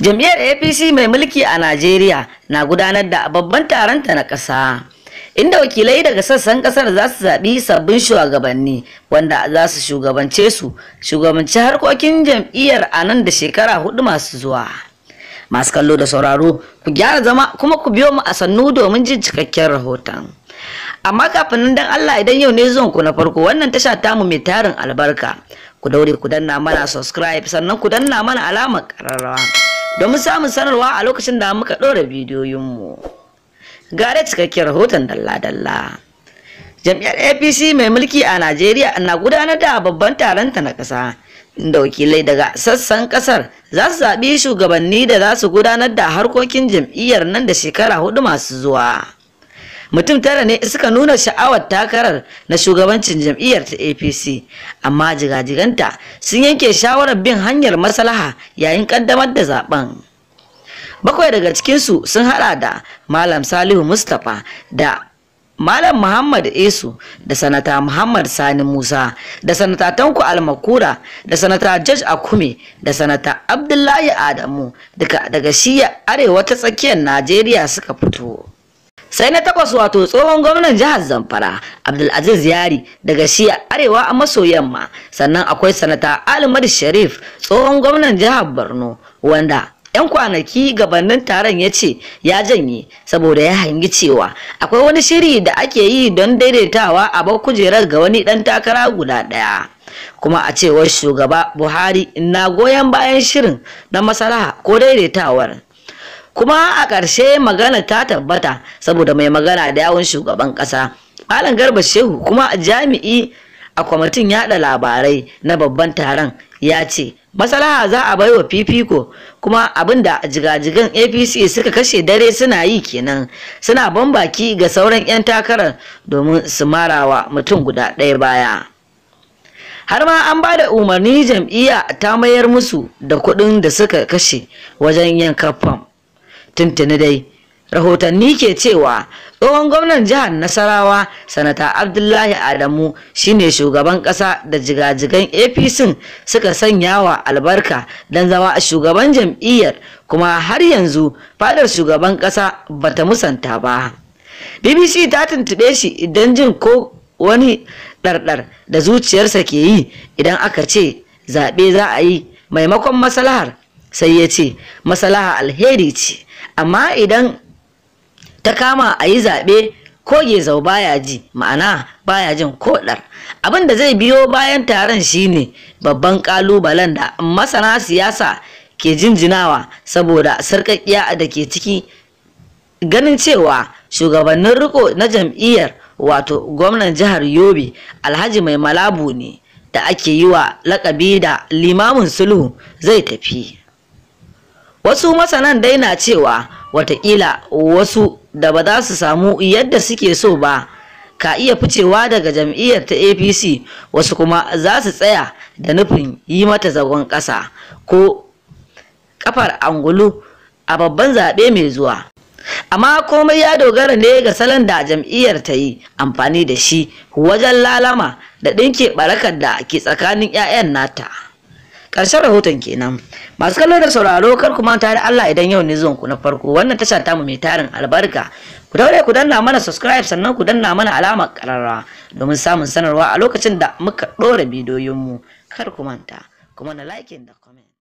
Jam'iyyar APC mai mulki a Najeriya na gudanar da babban taronta na ƙasa. Inda wakilai daga sassan ƙasar za su zaɓi sabbin shugabanni wanda za su shugabance su shugabanci harkokin jam'iyyar a nan da shekara hudu masu zuwa. Masu kallo da sauraro ku gyara zama kuma ku biyo mu a sannu domin jin cikakken rahoton. amma kafin nan dan Allah idan yau ne zuwan ku na farko wannan tasha tamu mai tarin albarka ku daure ku danna mana subscribe sannan ku danna mana alamar kararrawa domin samun sanarwa a lokacin da muka ɗora bidiyoyinmu. Gare cikakkiyar rahoton dalla-dalla. Jam'iyyar APC mai mulki a Najeriya na gudanar da babban taronta na ƙasa, inda wakilai daga sassan ƙasar za su zaɓi shugabanni da za su gudanar da harkokin jam'iyyar nan da shekara hudu masu zuwa. mutum tara ne suka nuna sha'awar takarar na shugabancin jam'iyyar ta apc amma jigajiganta sun yanke shawarar bin hanyar maslaha yayin kaddamar da zaben bakwai daga cikinsu sun hada da malam salihu mustapha da Malam Muhammad Esu da Sanata Muhammad Sani Musa da Sanata Tanko Almakura da Sanata George Akume da Sanata Abdullahi Adamu daga shiya arewa ta tsakiyar Najeriya suka fito. sai na takwas wato tsohon gwamnan jihar zamfara abdulaziz yari daga shi arewa a maso yamma sannan akwai sanata alimadu sharif tsohon gwamnan jihar borno wanda 'yan kwanaki gabanin taron ya ce ya janye saboda ya hangi cewa akwai wani shiri da ake yi don daidaitawa a bar kujerar ga wani dan takara guda ɗaya kuma a cewar shugaba buhari na goyon bayan shirin na masalaha ko daidaitawar kuma a ƙarshe magana ta tabbata saboda mai magana da yawun shugaban ƙasa malam garba shehu kuma a jami'i a kwamitin yada labarai na babban taron ya ce masalaha za a bai wa fifiko kuma abin da jigajigan apc suka kashe dare suna yi kenan suna bambaki ga sauran 'yan takarar domin su marawa mutum guda ɗaya baya har ma an ba da umarni jam'iyya ta mayar musu da kuɗin da suka kashe wajen yin kafan tuntuni dai rahotanni ke cewa tsohon gwamnan jihar nasarawa sanata abdullahi adamu shine shugaban kasa da jigajigan apc suka sanya wa albarka don zama a shugaban jam'iyyar kuma har yanzu fadar shugaban kasa ta musanta ba bbc ta tuntube shi idan jin ko wani ɗarɗar da zuciyarsa ke yi idan aka ce zaɓe za a yi maimakon masalahar sai ya ce masalaha alheri ce amma idan ta kama a yi zaɓe ko zau baya ji ma'ana baya jin koɗar abin da zai biyo bayan taron shine babban ƙalubalen da masana siyasa ke jinjinawa saboda sarƙaƙiya da ke ciki ganin cewa shugabannin riko na jam'iyyar wato gwamnan jihar yobe alhaji mai malabu ne da ake yi wa lakabi da limamin sulhu zai tafi wasu masanan dai na cewa watakila wasu da ba za su samu yadda suke so ba ka iya ficewa daga jam'iyyar ta apc wasu kuma za su tsaya da nufin yi mata zagon ƙasa ko kafar angulu a babban zaɓe mai zuwa amma komai ya dogara ne ga salon da jam'iyyar ta yi amfani da shi wajen lalama da ɗinke barakar da ke tsakanin 'ya'yan nata. Karshen rahoton kenan masu kallon da sauraro kar ku manta da Allah idan yau ne zuwan ku na farko wannan tasha ta mu mai tarin albarka ku daure ku danna mana subscribe sannan ku danna mana alamar ƙararra domin samun sanarwa a lokacin da muka ɗora mu kar ku manta kuma na like da comment